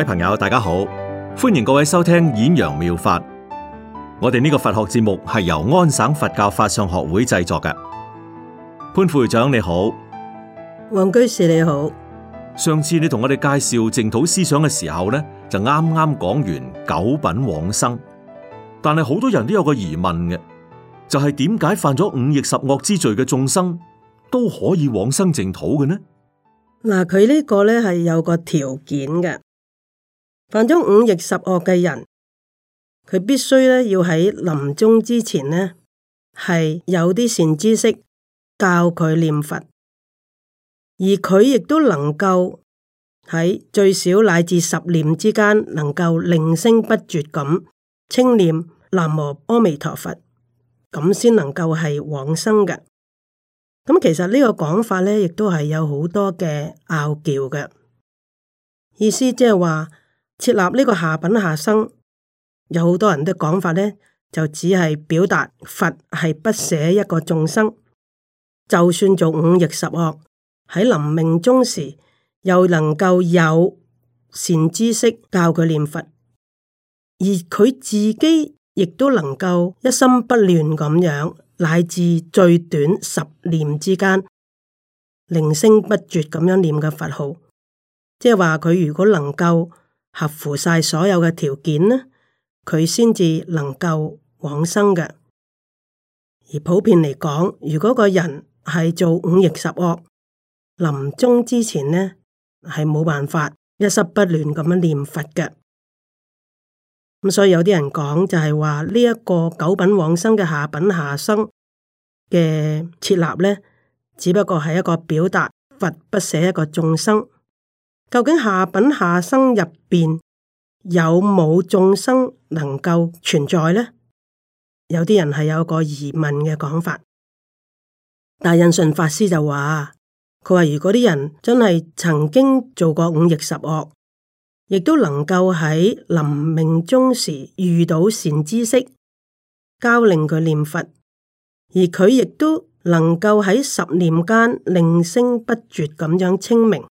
各位朋友，大家好，歡迎各位收聽《演揚妙,妙法》。我哋呢個佛學節目係由安省佛教法相學會製作嘅。潘副會長你好，黃居士你好。上次你同我哋介紹淨土思想嘅時候咧，就啱啱講完九品往生，但係好多人都有個疑問嘅，就係點解犯咗五逆十惡之罪嘅眾生都可以往生淨土嘅呢？嗱，佢呢個咧係有個條件嘅。犯咗五逆十惡嘅人，佢必須要喺臨終之前咧係有啲善知識教佢念佛，而佢亦都能夠喺最少乃至十念之間，能夠令聲不絕咁稱念南無阿彌陀佛，咁先能夠係往生嘅。咁其實呢個講法呢，亦都係有好多嘅拗撬嘅意思，即係話。.設立呢個下品下生，有好多人嘅講法呢，就只係表達佛係不捨一個眾生，就算做五逆十惡，喺臨命終時又能夠有善知識教佢念佛，而佢自己亦都能夠一心不亂咁樣，乃至最短十念之間，鈴聲不絕咁樣念嘅佛號，即係話佢如果能夠。合乎晒所有嘅條件呢，佢先至能夠往生嘅。而普遍嚟講，如果個人係做五逆十惡，臨終之前呢，係冇辦法一心不亂咁樣念佛嘅。咁所以有啲人講就係話呢一個九品往生嘅下品下生嘅設立呢，只不過係一個表達佛不捨一個眾生。究竟下品下生入邊有冇眾生能夠存在呢？有啲人係有個疑問嘅講法，大印順法師就話，佢話如果啲人真係曾經做過五逆十惡，亦都能夠喺臨命終時遇到善知識教令佢念佛，而佢亦都能夠喺十念間令聲不絕咁樣清明。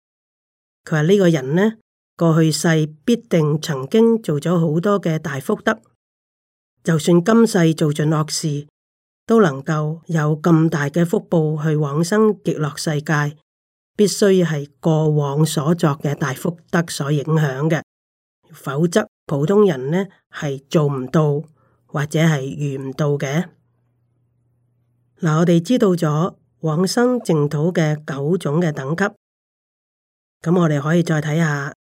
佢話呢個人呢，過去世必定曾經做咗好多嘅大福德，就算今世做盡惡事，都能夠有咁大嘅福報去往生極樂世界，必須係過往所作嘅大福德所影響嘅，否則普通人呢係做唔到，或者係遇唔到嘅。嗱，我哋知道咗往生淨土嘅九種嘅等級。咁我哋可以再睇下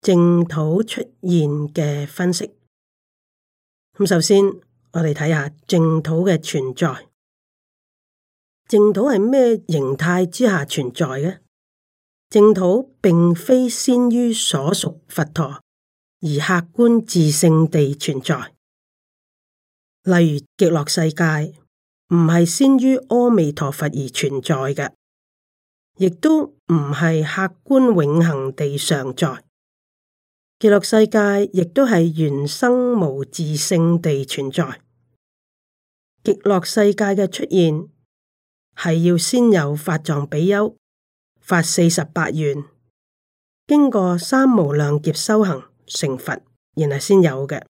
淨土出現嘅分析。咁首先，我哋睇下淨土嘅存在。淨土係咩形態之下存在嘅？淨土並非先於所屬佛陀，而客觀自性地存在，例如極樂世界，唔係先於阿彌陀佛而存在嘅。亦都唔係客觀永恒地常在極樂世界，亦都係緣生無自性地存在。極樂世界嘅出現係要先有法藏比丘發四十八願，經過三無量劫修行成佛，然後先有嘅。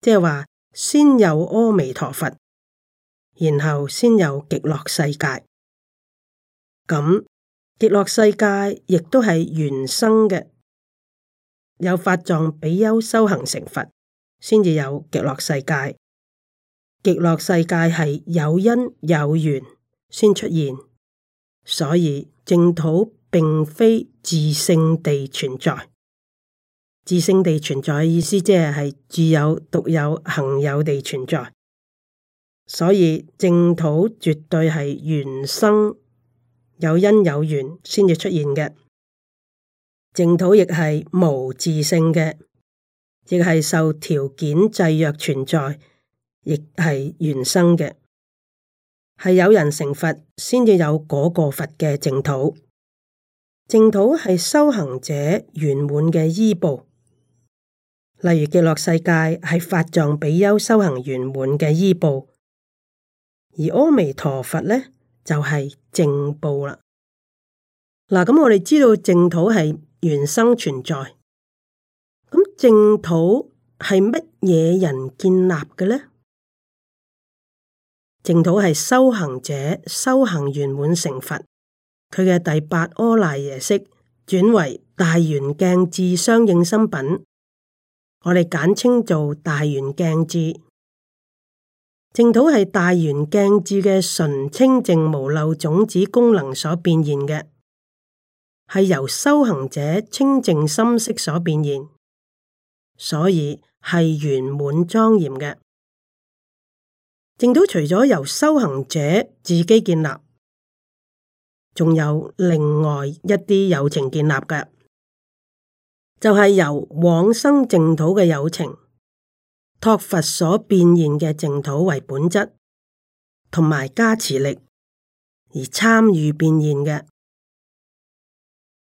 即係話，先有阿彌陀佛，然後先有極樂世界。咁極樂世界亦都係原生嘅，有法藏比丘修行成佛，先至有極樂世界。極樂世界係有因有緣先出現，所以淨土並非自性地存在。自性地存在意思即係係自有獨有恒有地存在，所以淨土絕對係原生。有因有緣先至出現嘅淨土，亦係無自性嘅，亦係受條件制約存在，亦係緣生嘅。係有人成佛，先至有嗰個佛嘅淨土。淨土係修行者圓滿嘅依報，例如極樂世界係法藏比丘修行圓滿嘅依報，而阿彌陀佛呢？就係正報啦。嗱，咁我哋知道淨土係原生存在，咁淨土係乜嘢人建立嘅咧？淨土係修行者修行圓滿成佛，佢嘅第八阿賴耶識轉為大圓鏡智相應心品，我哋簡稱做大圓鏡智。淨土係大圓鏡智嘅純清淨無漏種子功能所變現嘅，係由修行者清淨心識所變現，所以係圓滿莊嚴嘅。淨土除咗由修行者自己建立，仲有另外一啲有情建立嘅，就係、是、由往生淨土嘅有情，託佛所變現嘅淨土為本質，同埋加持力而參與變現嘅，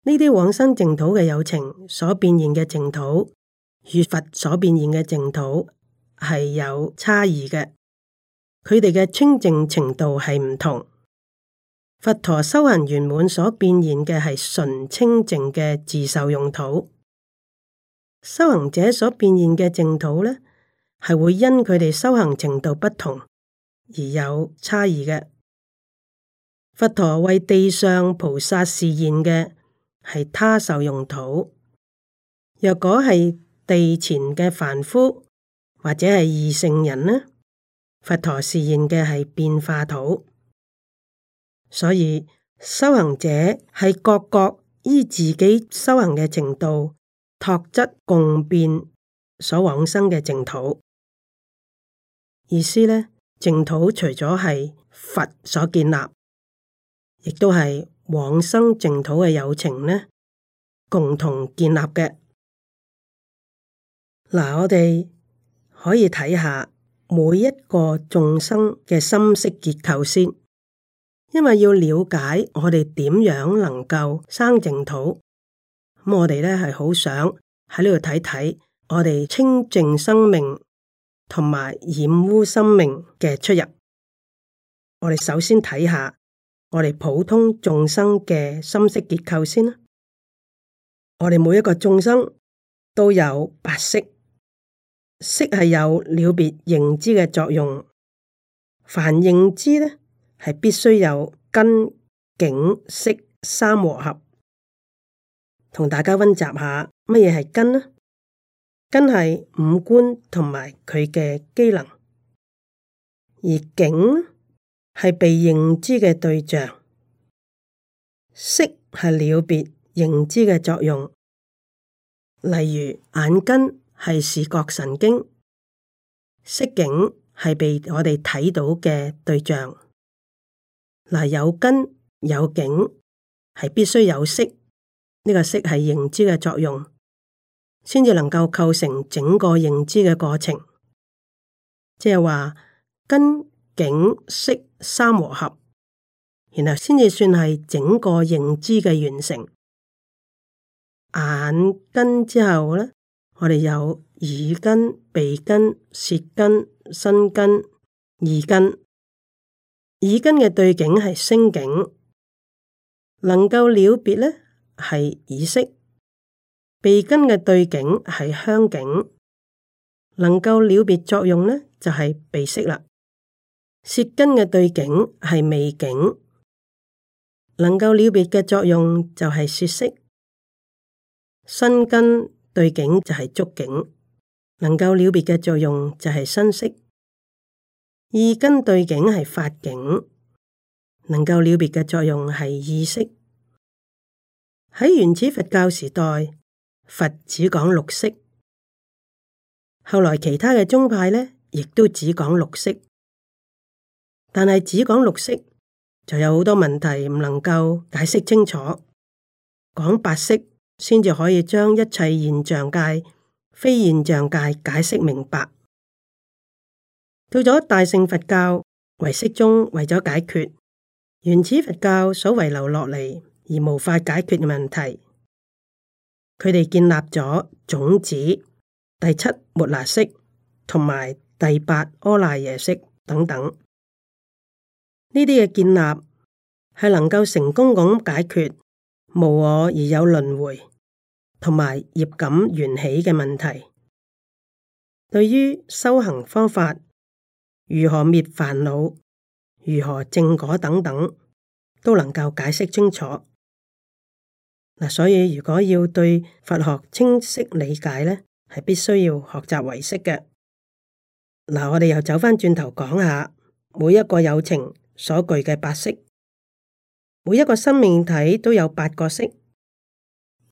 呢啲往生淨土嘅有情所變現嘅淨土與佛所變現嘅淨土係有差異嘅，佢哋嘅清淨程度係唔同。佛陀修行圓滿所變現嘅係純清淨嘅自受用土，修行者所變現嘅淨土呢。係會因佢哋修行程度不同而有差異嘅。佛陀為地上菩薩示現嘅係他受用土；若果係地前嘅凡夫或者係二乘人呢，佛陀示現嘅係變化土。所以修行者係各各依自己修行嘅程度託質共變所往生嘅淨土。意思呢，淨土除咗係佛所建立，亦都係往生淨土嘅有情呢，共同建立嘅。嗱，我哋可以睇下每一個眾生嘅心識結構先，因為要了解我哋點樣能夠生淨土。咁我哋咧係好想喺呢度睇睇我哋清淨生命。同埋染污生命嘅出入，我哋首先睇下我哋普通眾生嘅心識結構先啦。我哋每一個眾生都有白色色係有了別認知嘅作用，凡認知咧係必須有根境識三和合。同大家溫習下乜嘢係根呢？根係五官同埋佢嘅機能，而境係被認知嘅對象，色係了別認知嘅作用。例如眼根係視覺神經，色境係被我哋睇到嘅對象。嗱，有根有境係必須有色，呢、呢個色係認知嘅作用。先至能夠構成整個認知嘅過程，即係話根境識三和合，然後先至算係整個認知嘅完成。眼根之後咧，我哋有耳根、鼻根、舌根、身根、耳根。耳根嘅對境係聲境，能夠了別咧係耳識。鼻根嘅對境係香境，能夠了別作用呢，就係鼻識啦。舌根嘅對境係味境，能夠了別嘅作用就係舌識。身根對境就係觸境，能夠了別嘅作用就係身識。意根對境係法境，能夠了別嘅作用係意識。喺原始佛教時代，佛只講六識，後來其他嘅宗派呢亦都只講六識，但係只講六識就有好多問題唔能夠解釋清楚，講八識先至可以將一切現象界、非現象界解釋明白。到咗大乘佛教色中唯識宗為咗解決原始佛教所遺留落嚟而無法解決嘅問題。佢哋建立咗種子第七末那識，同埋第八阿賴耶識等等，呢啲嘅建立係能夠成功咁解決無我而有輪迴，同埋業感緣起嘅問題。對於修行方法、如何滅煩惱、如何證果等等，都能夠解釋清楚。啊、所以如果要對佛學清晰理解呢係必須要學習唯識嘅。嗱、啊，我哋又走返轉頭講下，每一個有情所具嘅八識，每一個生命體都有八個識。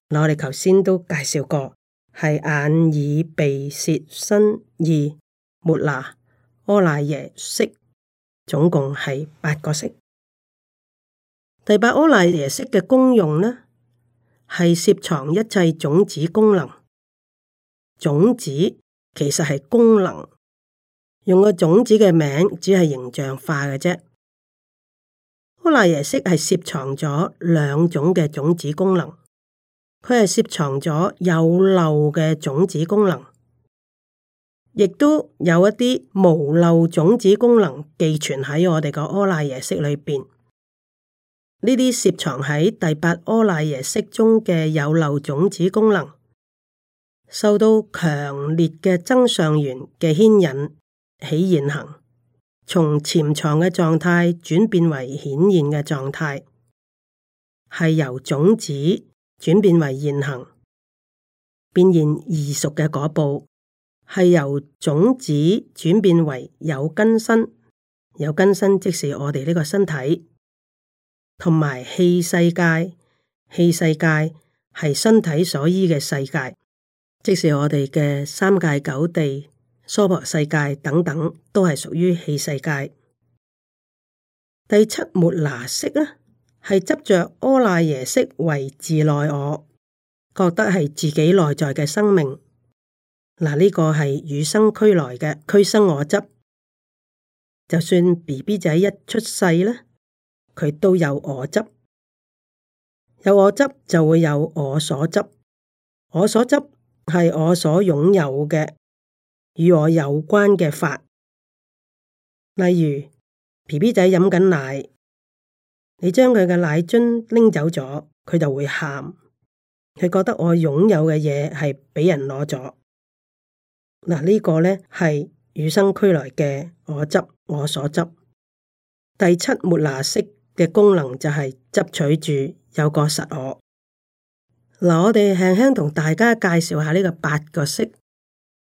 嗱、啊，我哋頭先都介紹過，係眼、耳、鼻、舌、身、意、末那、阿賴耶識，總共係八個識。第八阿賴耶識嘅功用呢？係攝藏一切種子功能，種子其實係功能，用個種子嘅名只係形象化嘅啫。阿賴耶識係攝藏咗兩種嘅種子功能，佢係攝藏咗有漏嘅種子功能，亦都有一啲無漏種子功能，寄存喺我哋個阿賴耶識裏邊。呢啲潛藏喺第八阿賴耶識中嘅有漏種子功能，受到強烈嘅增上緣嘅牽引，起現行，從潛藏嘅狀態轉變為顯現嘅狀態，係由種子轉變為現行，變現異熟嘅果報，係由種子轉變為有根身，有根身即是我哋呢個身體。同埋器世界，器世界係身體所依嘅世界，即使我哋嘅三界九地、娑婆世界等等，都係屬於器世界。第七末那識呢，係執着阿賴耶識為自內我，覺得係自己內在嘅生命。嗱，呢個係與生俱來嘅俱生我執，就算 B B 仔一出世呢。佢都有我執，有我執就會有我所執，我所執係我所擁有嘅，與我有關嘅法。例如，B B 仔飲緊奶，你將佢嘅奶樽拎走咗，佢就會喊，佢覺得我擁有嘅嘢係畀人攞咗。嗱、這個，呢個咧係與生俱來嘅我執，我所執。第七，末那識，嘅功能就係執取住有個實我。嗱，我哋輕輕同大家介紹下呢個八個識，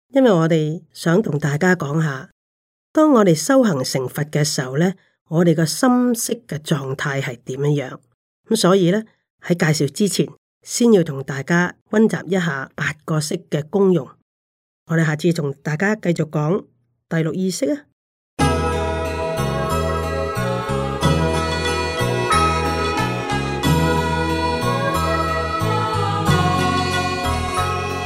因為我哋想同大家講下，當我哋修行成佛嘅時候呢，我哋個心識嘅狀態係點樣樣。咁所以呢，喺介紹之前，先要同大家溫習一下八個識嘅功用。我哋下次同大家繼續講第六意識啊。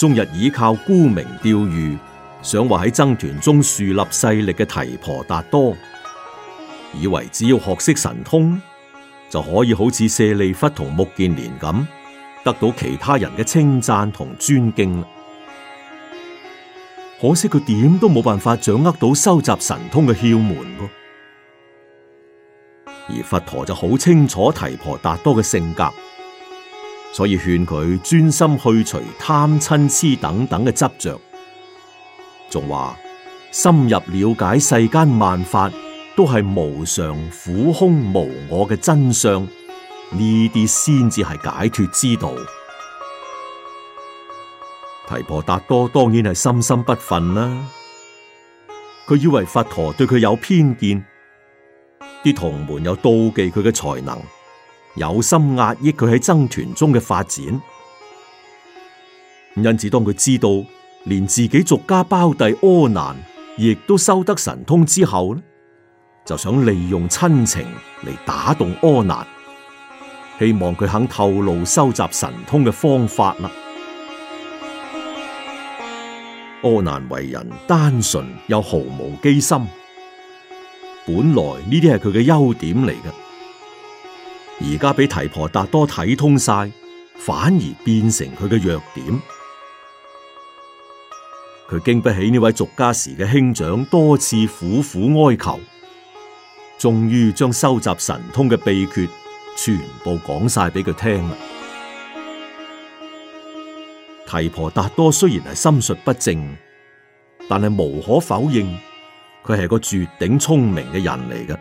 終日倚靠沽名釣譽，想話喺僧團中樹立勢力嘅提婆達多，以為只要學識神通，就可以好似舍利弗同目犍連咁，得到其他人嘅稱讚同尊敬。可惜佢點都冇辦法掌握到收集神通嘅竅門，而佛陀就好清楚提婆達多嘅性格。所以勸佢專心去除貪嗔癡等等嘅執着，仲話深入了解世間萬法都係無常、苦空、無我嘅真相，呢啲先至係解脱之道。提婆達多當然係心生不忿啦，佢以為佛陀對佢有偏見，啲同門有妒忌佢嘅才能。有心壓抑佢喺僧團中嘅發展，因此當佢知道連自己俗家胞弟阿難亦都修得神通之後，就想利用親情嚟打動阿難，希望佢肯透露收集神通嘅方法啦。阿難為人單純又毫無機心，本來呢啲係佢嘅優點嚟嘅。而家俾提婆達多睇通晒，反而變成佢嘅弱點。佢經不起呢位俗家時嘅兄長，多次苦苦哀求，終於將收集神通嘅秘訣全部講晒俾佢聽啦。提婆達多雖然係心術不正，但係無可否認，佢係個絕頂聰明嘅人嚟嘅，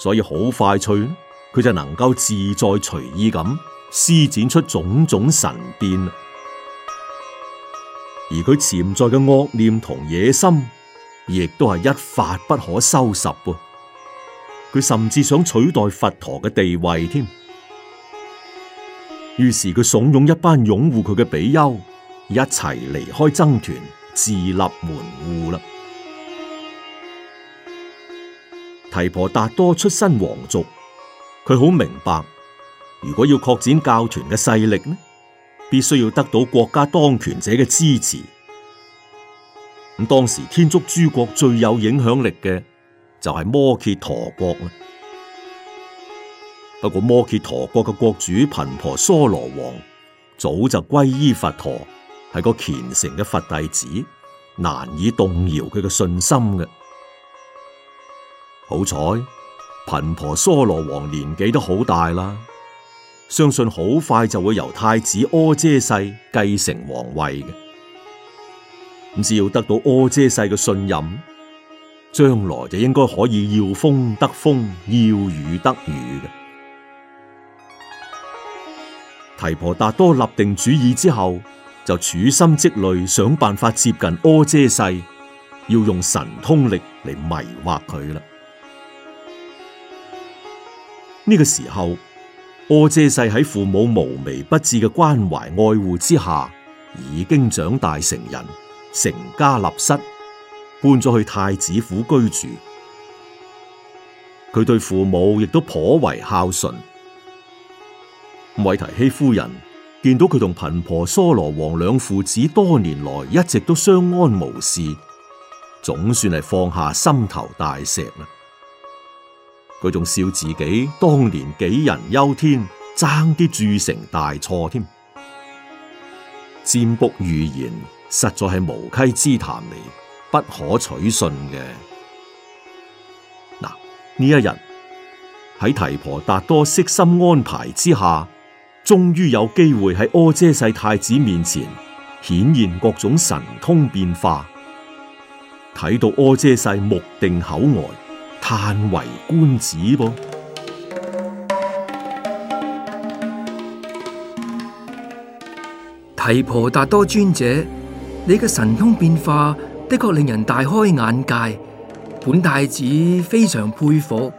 所以好快脆。佢就能夠自在隨意咁施展出種種神變，而佢潛在嘅惡念同野心，亦都係一發不可收拾喎。佢甚至想取代佛陀嘅地位添。於是佢慫恿一班擁護佢嘅比丘一齊離開僧團，自立門戶啦。提婆達多出身皇族。佢好明白，如果要擴展教團嘅勢力呢，必須要得到國家當權者嘅支持。咁當時天竺諸國最有影響力嘅就係摩羯陀國啦。不過摩羯陀國嘅國主頻婆娑羅王早就皈依佛陀，係個虔誠嘅佛弟子，難以動搖佢嘅信心嘅。好彩，頻婆娑羅王年紀都好大啦，相信好快就會由太子阿闍世繼承皇位嘅。只要得到阿闍世嘅信任，將來就應該可以要風得風，要雨得雨。提婆達多立定主意之後，就處心積慮，想辦法接近阿闍世，要用神通力嚟迷惑佢啦。呢個時候，阿闍世喺父母無微不至嘅關懷愛護之下，已經長大成人，成家立室，搬咗去太子府居住。佢對父母亦都頗為孝順。韋提希夫人見到佢同頻婆娑羅王兩父子多年來一直都相安無事，總算係放下心頭大石啦。佢仲笑自己當年杞人憂天，爭啲鑄成大錯添。占卜預言實在係無稽之談嚟，不可取信嘅。嗱，呢一日喺提婆達多悉心安排之下，終於有機會喺阿闍世太子面前顯現各種神通變化，睇到阿闍世目定口呆。嘆為觀止噃！提婆達多尊者，你嘅神通變化的確令人大開眼界。本太子非常佩服，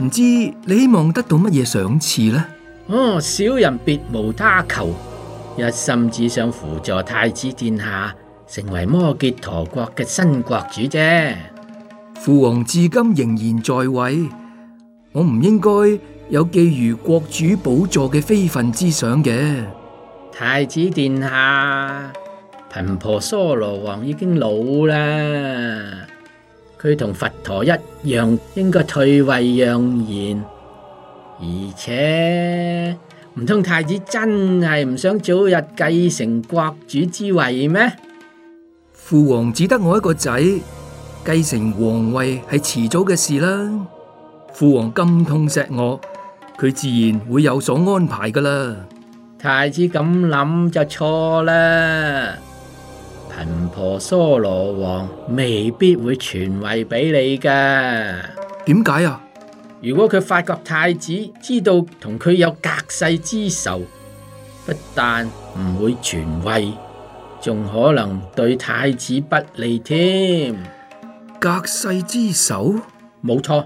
唔知你希望得到乜嘢賞賜呢？哦，小人別無他求，一心只想輔助太子殿下成為摩揭陀國嘅新國主啫。父王至今仍然在位，我唔應該有覬覦國主寶座嘅非分之想嘅。太子殿下，頻婆娑羅王已經老啦，佢同佛陀一樣，應該退位讓賢。而且，唔通太子真係唔想早日繼承國主之位咩？父王只得我一個仔。繼承皇位係遲早嘅事啦，父王咁痛錫我，佢自然會有所安排噶啦。太子咁諗就錯啦，頻婆娑羅王未必會傳位俾你噶。點解啊？如果佢發覺太子知道同佢有隔世之仇，不但唔會傳位，仲可能對太子不利添。隔世之手，冇錯。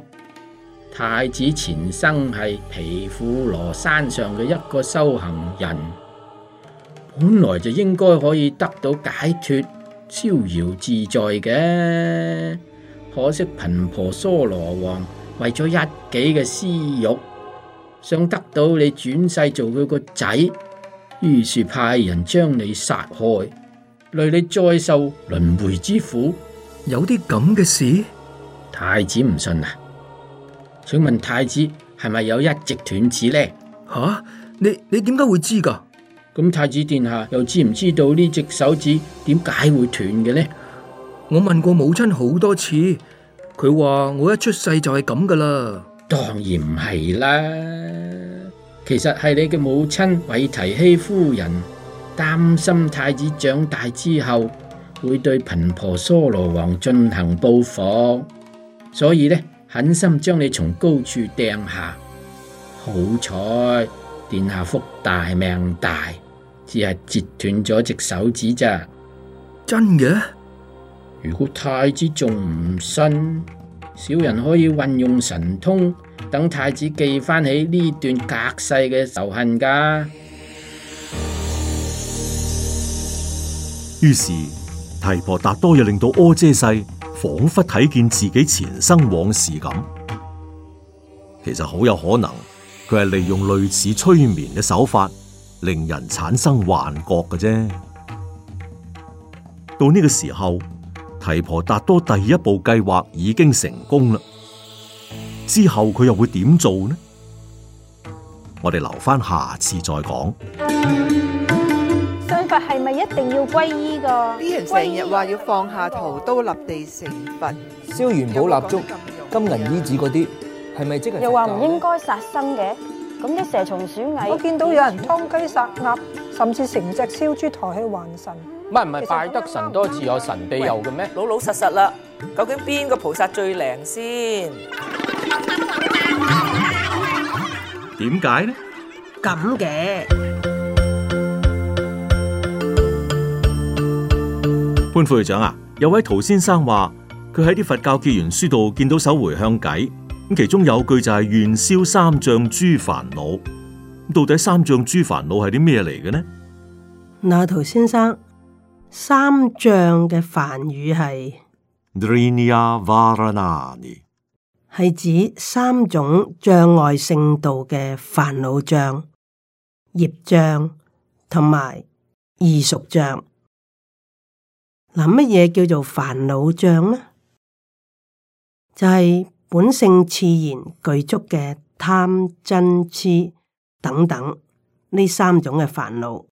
太子前生係皮富羅山上嘅一個修行人，本來就應該可以得到解脫、逍遙自在嘅。可惜貧婆娑羅王為咗一己嘅私欲，想得到你轉世做佢個仔，於是派人將你殺害，累你再受輪回之苦。有啲咁嘅事，太子唔信啊！請問太子係咪有一隻斷指呢？吓、啊、你你點解會知噶？咁太子殿下又知唔知道呢隻手指點解會斷嘅呢？我問過母親好多次，佢話我一出世就係咁噶啦。當然唔係啦，其實係你嘅母親韋提希夫人擔心太子長大之後。會對頻婆娑羅王進行報復，所以呢狠心將你從高處掟下。好彩殿下福大命大，只係折斷咗隻手指咋？真嘅？如果太子仲唔信，小人可以運用神通，等太子記翻起呢段隔世嘅仇恨噶。於是。提婆達多又令到阿闍世仿佛睇見自己前生往事咁，其實好有可能佢係利用類似催眠嘅手法，令人產生幻覺嘅啫。到呢個時候，提婆達多第一步計劃已經成功啦。之後佢又會點做呢？我哋留翻下次再講。咪一定要皈依噶！啲人成日話要放下屠刀立地成佛，燒元寶蠟燭、金銀衣紙嗰啲，係咪即係？又話唔應該殺生嘅，咁啲蛇蟲鼠蟻，我見到有人劏雞殺鴨，甚至成隻燒豬抬去還神。唔係唔係，拜得神多自有神庇佑嘅咩？老老實實啦，究竟邊個菩薩最靈先？點解呢？咁嘅。潘副會長啊，有位陶先生話佢喺啲佛教結緣書度見到首回向偈，咁其中有句就係願消三障諸煩惱，到底三障諸煩惱係啲咩嚟嘅呢？嗱，陶先生，三障嘅梵語係，係 an 指三種障礙聖道嘅煩惱障、業障同埋異熟障。嗱，乜嘢叫做煩惱障呢？就係、是、本性自然具足嘅貪、嗔、痴等等呢三種嘅煩惱。呢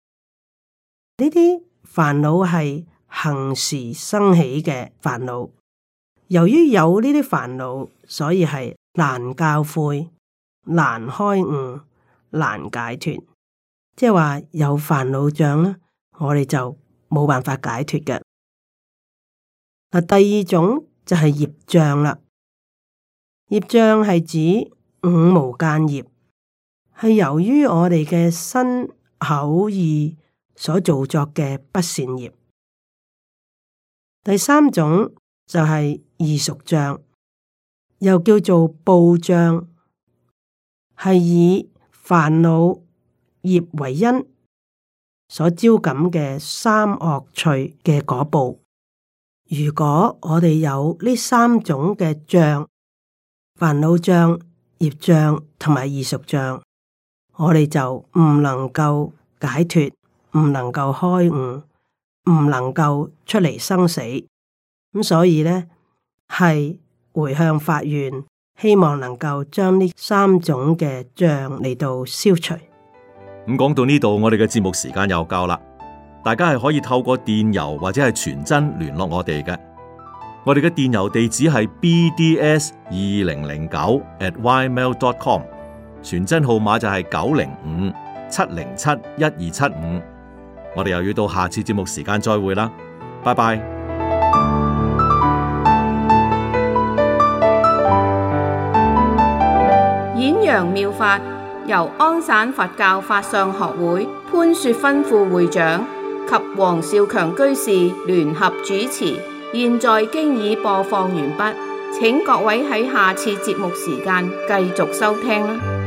啲煩惱係恆時生起嘅煩惱。由於有呢啲煩惱，所以係難教誨、難開悟、難解脱。即係話有煩惱障啦，我哋就冇辦法解脱嘅。第二種就係業障啦。業障係指五無間業，係由於我哋嘅身口意所造作嘅不善業。第三種就係異熟障，又叫做報障，係以煩惱業為因所招感嘅三惡趣嘅果報。如果我哋有呢三種嘅障，煩惱障、業障同埋異熟障，我哋就唔能夠解脱，唔能夠開悟，唔能夠出嚟生死咁，所以呢，係回向法院，希望能夠將呢三種嘅障嚟到消除。咁講到呢度，我哋嘅節目時間又夠啦。大家係可以透過電郵或者係傳真聯絡我哋嘅，我哋嘅電郵地址係 bds 二零零九 at ymail.com，傳真號碼就係九零五七零七一二七五，我哋又要到下次節目時間再會啦，拜拜。演揚妙法由安省佛教法相學會潘雪芬副會長。及王少強居士聯合主持，現在經已播放完畢，請各位喺下次節目時間繼續收聽。